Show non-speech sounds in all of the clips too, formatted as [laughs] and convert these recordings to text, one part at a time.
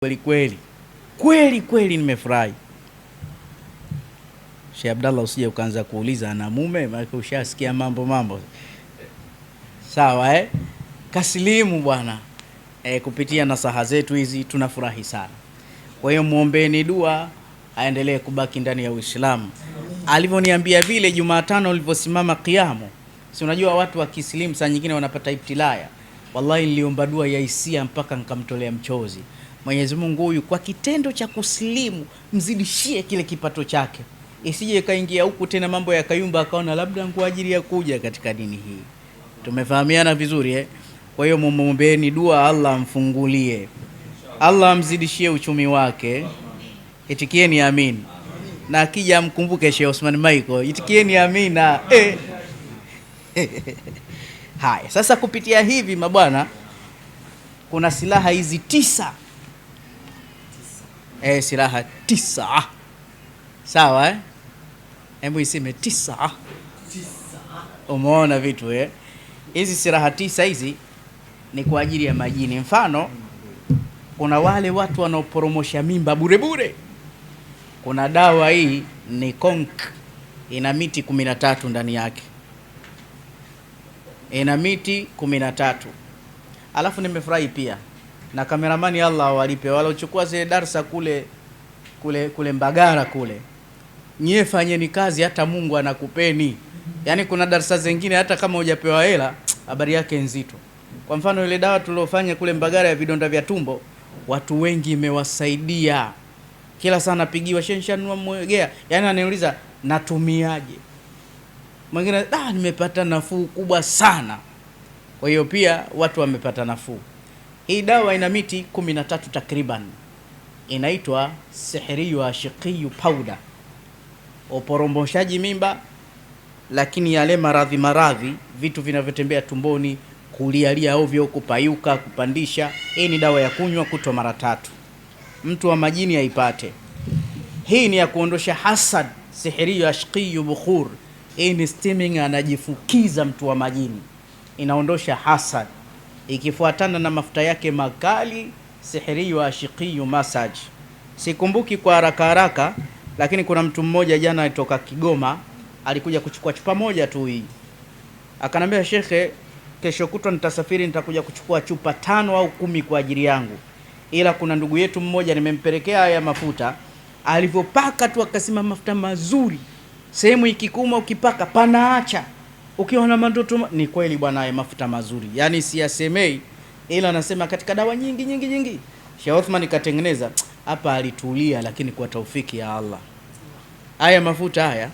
Kweli kweli kweli kweli, nimefurahi. Sheikh Abdallah, usije ukaanza kuuliza ana mume, maana ushasikia mambo mambo. Sawa eh? Kasilimu bwana eh, kupitia nasaha zetu hizi tunafurahi sana. Kwa hiyo muombeeni dua aendelee kubaki ndani ya Uislamu. Alivyoniambia vile Jumatano ulivyosimama kiamo, si unajua watu wa Kiislamu saa nyingine wanapata ibtilaya. Wallahi niliomba dua ya hisia mpaka nikamtolea mchozi. Mwenyezi Mungu huyu kwa kitendo cha kusilimu mzidishie kile kipato chake, isije ikaingia huku tena mambo yakayumba, akaona labda kwa ajili ya kuja katika dini hii. Tumefahamiana vizuri eh? Kwa hiyo mumwombeni dua, Allah amfungulie, Allah amzidishie uchumi wake. Itikieni amin, na akija amkumbuke Sheikh Osman Michael. Itikieni amina [laughs] eh. Haya, sasa kupitia hivi mabwana, kuna silaha hizi tisa eh, silaha tisa. Sawa eh? iseme tisa. Tisa. Umeona vitu eh? Hizi silaha tisa hizi ni kwa ajili ya majini. Mfano, kuna wale watu wanaoporomosha mimba bure bure. Kuna dawa hii ni konk, ina miti kumi na tatu ndani yake, ina miti kumi na tatu. Alafu nimefurahi pia na kameramani, Allah awalipe waliochukua zile darsa kule kule kule Mbagara kule. Nyie fanyeni kazi, hata Mungu anakupeni. Yaani kuna darsa zingine hata kama hujapewa hela, habari yake nzito. Kwa mfano ile dawa tuliofanya kule Mbagara ya vidonda vya tumbo, watu wengi imewasaidia. Kila saa napigiwa shenshanua mwegea, yaani ananiuliza natumiaje. Mwingine ah, nimepata nafuu kubwa sana. Kwa hiyo pia watu wamepata nafuu. Hii dawa ina miti 13 takriban, inaitwa sihiriyu ashiqiyu powder, uporomboshaji mimba, lakini yale maradhi maradhi, vitu vinavyotembea tumboni, kulialia ovyo, kupayuka, kupandisha. Hii ni dawa ya kunywa kutwa mara tatu, mtu wa majini aipate. Hii ni ya kuondosha hasad, sihiriyu ashiqiyu bukhur. Hii ni steaming, anajifukiza mtu wa majini, inaondosha hasad ikifuatana na mafuta yake makali sihiriyu ashiqiyu massage. Sikumbuki kwa haraka haraka, lakini kuna mtu mmoja jana alitoka Kigoma alikuja kuchukua chupa moja tu hii, akanambia shekhe, kesho kutwa nitasafiri, nitakuja kuchukua chupa tano au kumi kwa ajili yangu, ila kuna ndugu yetu mmoja nimempelekea haya mafuta, alivyopaka tu akasema mafuta mazuri, sehemu ikikuma ukipaka panaacha ukiwa na mandoto ni kweli bwana, haya mafuta mazuri, yaani siyasemei, ila anasema katika dawa nyingi nyingi nyingi. Sheikh Othman katengeneza hapa, alitulia, lakini kwa taufiki ya Allah, haya mafuta haya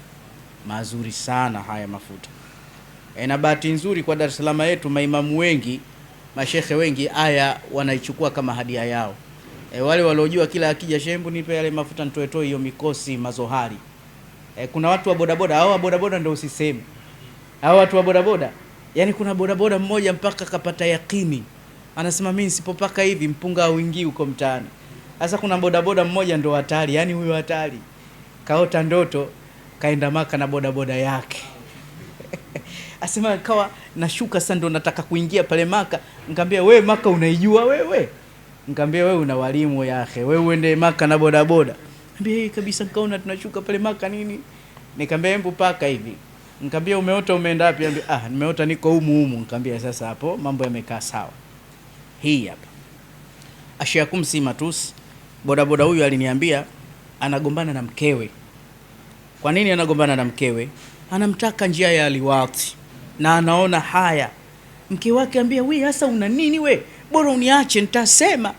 mazuri sana, haya mafuta e, na bahati nzuri kwa Dar es Salaam yetu maimamu wengi mashehe wengi haya wanaichukua kama hadia yao. E, wale waliojua kila akija shembu nipe yale mafuta nitoetoe hiyo mikosi mazohari. E, kuna watu wa bodaboda, hao wa bodaboda ndio usiseme hao watu wa bodaboda. Yaani kuna bodaboda mmoja mpaka kapata yakini, anasema mimi nisipopaka hivi mpunga auingii huko mtaani. Sasa kuna bodaboda mmoja ndo hatari, yaani huyo hatari kaota ndoto, kaenda Maka na bodaboda yake [laughs] asema kawa nashuka sasa, ndo nataka kuingia pale Maka. Nikamwambia we Maka unaijua wewe? Nikamwambia wewe una walimu yake, wewe uende Maka na bodaboda? Nikamwambia kabisa, nikaona tunashuka pale Maka nini, nikamwambia embu paka hivi Nikamwambia umeota umeenda wapi? Anambia ah, nimeota niko humu humu. Nikamwambia sasa hapo mambo yamekaa sawa. Hii hapa. Ashiakum si matusi. Bodaboda huyu aliniambia anagombana na mkewe. Kwa nini anagombana na mkewe? Anamtaka njia ya aliwati na anaona haya. Mke wake ambia, we hasa una nini we? Bora uniache nitasema.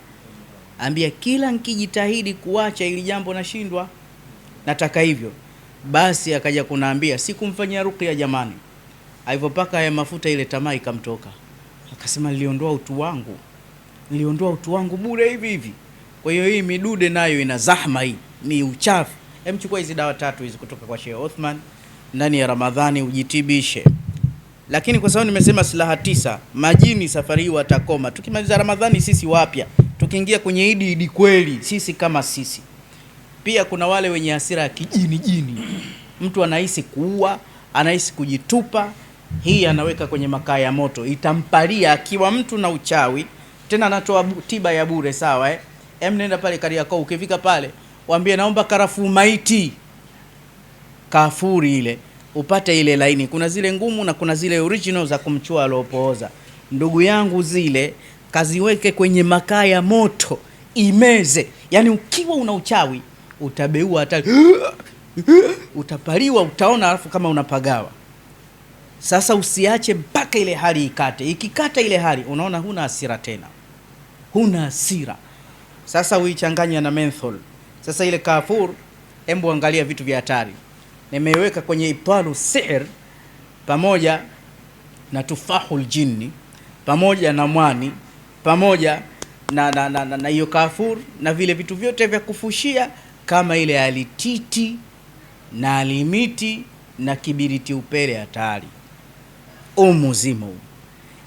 Ambia kila nkijitahidi kuacha ili jambo nashindwa. Nataka hivyo. Basi akaja kunaambia, sikumfanyia ruqya jamani. Alivyopaka haya mafuta, ile tamaa ikamtoka, akasema niliondoa utu wangu, niliondoa utu wangu bure hivi hivi. Kwa hiyo hii midude nayo ina zahma, hii ni uchafu. Emchukua hizi dawa tatu hizi kutoka kwa Sheikh Othman ndani ya Ramadhani ujitibishe. Lakini kwa sababu nimesema silaha tisa, majini safari hii watakoma. Tukimaliza Ramadhani sisi wapya, tukiingia kwenye idi idi kweli, sisi kama sisi pia kuna wale wenye hasira ya kijini jini, mtu anahisi kuua, anahisi kujitupa, hii anaweka kwenye makaa ya moto, itampalia akiwa mtu na uchawi. Tena anatoa tiba ya bure, sawa eh? Em, nenda pale Kariakoo, ukifika pale waambie naomba karafuu maiti, kafuri ile upate ile laini. Kuna zile ngumu na kuna zile original za kumchua aliopooza. Ndugu yangu, zile kaziweke kwenye makaa ya moto imeze. Yani ukiwa una uchawi utabeua hata [gasps] utapaliwa, utaona, alafu kama unapagawa. Sasa usiache mpaka ile hali ikate. Ikikata ile hali, unaona huna hasira tena, huna hasira sasa. Uichanganya na menthol. Sasa ile kafur, embu angalia vitu vya hatari. Nimeiweka kwenye ipalu sihr pamoja na tufahul jinni pamoja na mwani pamoja na hiyo na, na, na, na kafur na vile vitu vyote vya kufushia kama ile alititi na alimiti na kibiriti upele hatari umu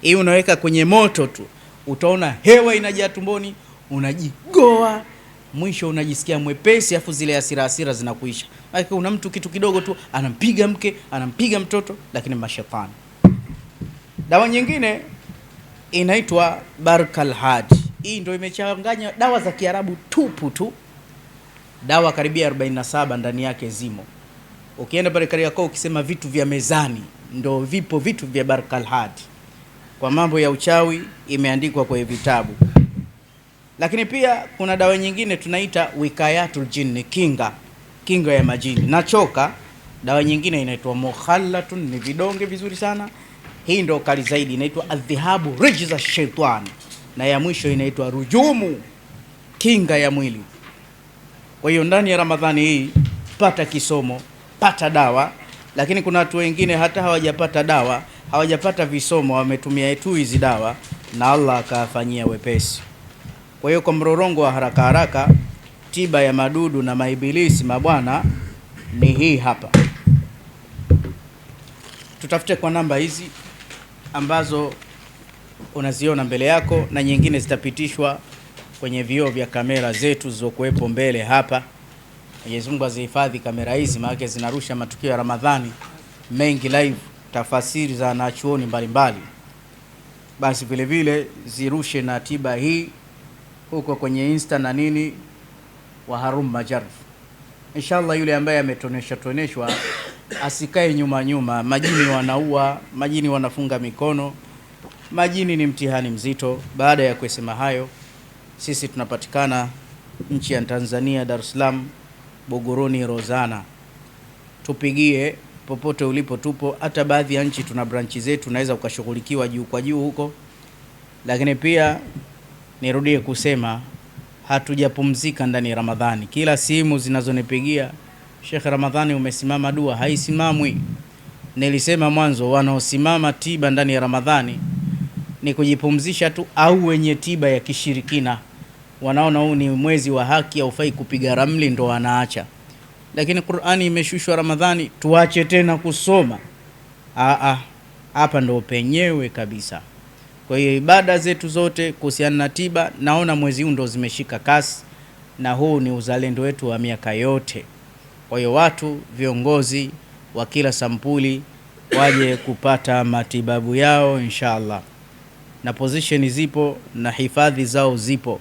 Hii unaweka kwenye moto tu, utaona hewa inajaa tumboni, unajigoa, mwisho unajisikia mwepesi, afu zile hasira hasira zinakuisha. Maana kuna mtu kitu kidogo tu anampiga mke, anampiga mtoto, lakini mashetani. Dawa nyingine inaitwa Barkal Hadi. Hii ndio imechanganywa dawa za Kiarabu tupu tu dawa karibia 47 ndani yake zimo. Ukienda pale Kariakoo ukisema vitu vya mezani, ndo vipo vitu vya Barkalhadi kwa mambo ya uchawi, imeandikwa kwenye vitabu. Lakini pia kuna dawa nyingine tunaita wikayatul jinni, kinga kinga ya majini na choka. Dawa nyingine inaitwa mukhallatun, ni vidonge vizuri sana. Hii ndo kali zaidi, inaitwa adhihabu rijza shaitani, na ya mwisho inaitwa rujumu, kinga ya mwili. Kwa hiyo ndani ya Ramadhani hii pata kisomo, pata dawa, lakini kuna watu wengine hata hawajapata dawa, hawajapata visomo, wametumia tu hizi dawa na Allah akawafanyia wepesi. Kwa hiyo kwa mrorongo wa haraka haraka, tiba ya madudu na maibilisi mabwana ni hii hapa. Tutafute kwa namba hizi ambazo unaziona mbele yako na nyingine zitapitishwa kwenye vioo vya kamera zetu zilizokuwepo mbele hapa. Mwenyezi Mungu azihifadhi kamera hizi, maana zinarusha matukio ya Ramadhani mengi live, tafasiri za wanachuoni mbalimbali. Basi vile vile zirushe na tiba hii huko kwenye insta na nini, wa Harum Majarf. Inshallah, yule ambaye ametonesha toneshwa asikae nyuma nyuma. Majini wanaua, majini wanafunga mikono, majini ni mtihani mzito. Baada ya kusema hayo sisi tunapatikana nchi ya Tanzania, Dar es Salaam, Bogoroni Rozana. Tupigie popote ulipo, tupo. Hata baadhi ya nchi tuna branchi zetu, naweza ukashughulikiwa juu kwa juu huko. Lakini pia nirudie kusema hatujapumzika ndani ya Ramadhani. Kila simu zinazonipigia Sheikh Ramadhani, umesimama dua, haisimamwi. Nilisema mwanzo, wanaosimama tiba ndani ya Ramadhani ni kujipumzisha tu, au wenye tiba ya kishirikina wanaona huu ni mwezi wa haki, haufai kupiga ramli, ndo wanaacha. Lakini Qur'ani imeshushwa Ramadhani, tuache tena kusoma? Aa, hapa ndo penyewe kabisa. Kwa hiyo ibada zetu zote kuhusiana na tiba, naona mwezi huu ndo zimeshika kasi, na huu ni uzalendo wetu wa miaka yote. Kwa hiyo watu, viongozi wa kila sampuli waje kupata matibabu yao inshallah na position zipo na hifadhi zao zipo.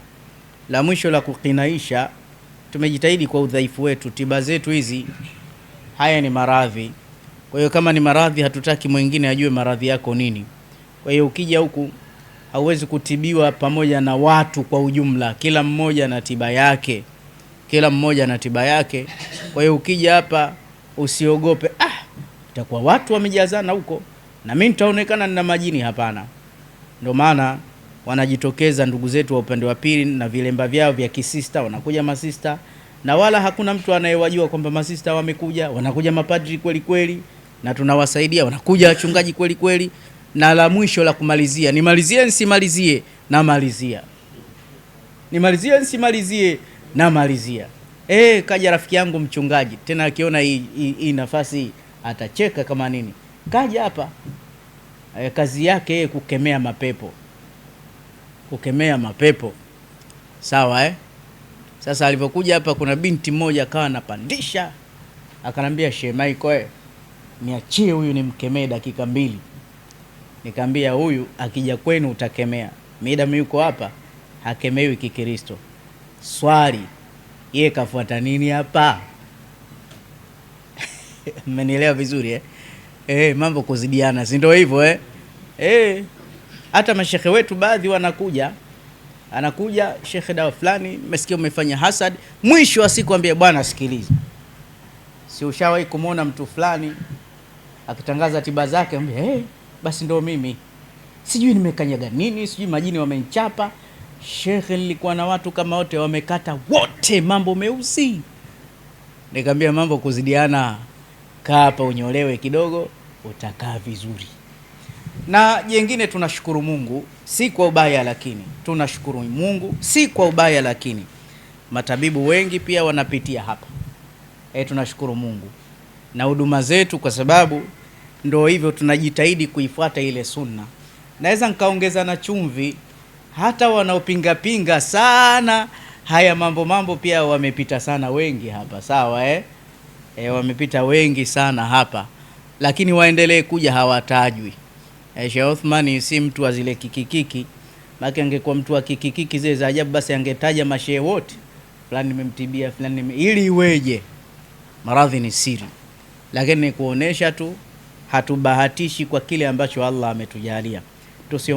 La mwisho la kukinaisha, tumejitahidi kwa udhaifu wetu, tiba zetu hizi, haya ni maradhi. Kwa hiyo kama ni maradhi, hatutaki mwingine ajue maradhi yako nini. Kwa hiyo ukija huku hauwezi kutibiwa pamoja na watu kwa ujumla, kila mmoja na tiba yake, kila mmoja na tiba yake. Kwa hiyo ukija hapa usiogope, ah, itakuwa watu wamejazana huko na mimi nitaonekana nina majini. Hapana, ndio maana wanajitokeza ndugu zetu wa upande wa pili na vilemba vyao vya kisista, wanakuja masista na wala hakuna mtu anayewajua kwamba masista wamekuja. Wanakuja mapadri kweli kweli, na tunawasaidia. Wanakuja wachungaji kweli kweli, na la mwisho la kumalizia, nimalizie nsimalizie, namalizia, nimalizie nsimalizie, namalizia. E, kaja rafiki yangu mchungaji, tena akiona hii nafasi atacheka kama nini. Kaja hapa e, kazi yake kukemea mapepo kukemea mapepo sawa, eh? Sasa alivyokuja hapa, kuna binti mmoja akawa anapandisha, akanambia Sheikh eh? Michael, niachie huyu nimkemee dakika mbili. Nikaambia huyu akija kwenu utakemea. Midamu yuko hapa, hakemewi Kikristo. Swali, yeye kafuata nini hapa? [laughs] mmenielewa vizuri eh? Eh, mambo kuzidiana, si ndio hivyo eh? Eh hata mashehe wetu baadhi wanakuja, anakuja shekhe dawa fulani, mmesikia umefanya hasad. Mwisho wa siku ambia bwana, sikiliza, si ushawahi kumwona mtu fulani akitangaza tiba zake? Ambia hey, basi ndo mimi, sijui nimekanyaga nini, sijui majini wamenchapa shekhe, nilikuwa na watu kama wote wamekata wote, mambo meusi. Nikamwambia mambo kuzidiana, kaa hapa unyolewe kidogo, utakaa vizuri. Na jengine tunashukuru Mungu si kwa ubaya, lakini tunashukuru Mungu si kwa ubaya, lakini matabibu wengi pia wanapitia hapa e, tunashukuru Mungu na huduma zetu, kwa sababu ndo hivyo tunajitahidi kuifuata ile sunna. Naweza nikaongeza na chumvi, hata wanaopingapinga sana haya mambo mambo pia wamepita sana wengi hapa, sawa eh? E, wamepita wengi sana hapa, lakini waendelee kuja, hawatajwi Aisha Othman si mtu wa zile kikikiki maana angekuwa mtu wa kikikiki zile za ajabu, basi angetaja mashehe wote, fulani nimemtibia fulani nime, ili iweje? Maradhi ni siri, lakini ni kuonesha tu, hatubahatishi kwa kile ambacho Allah ametujalia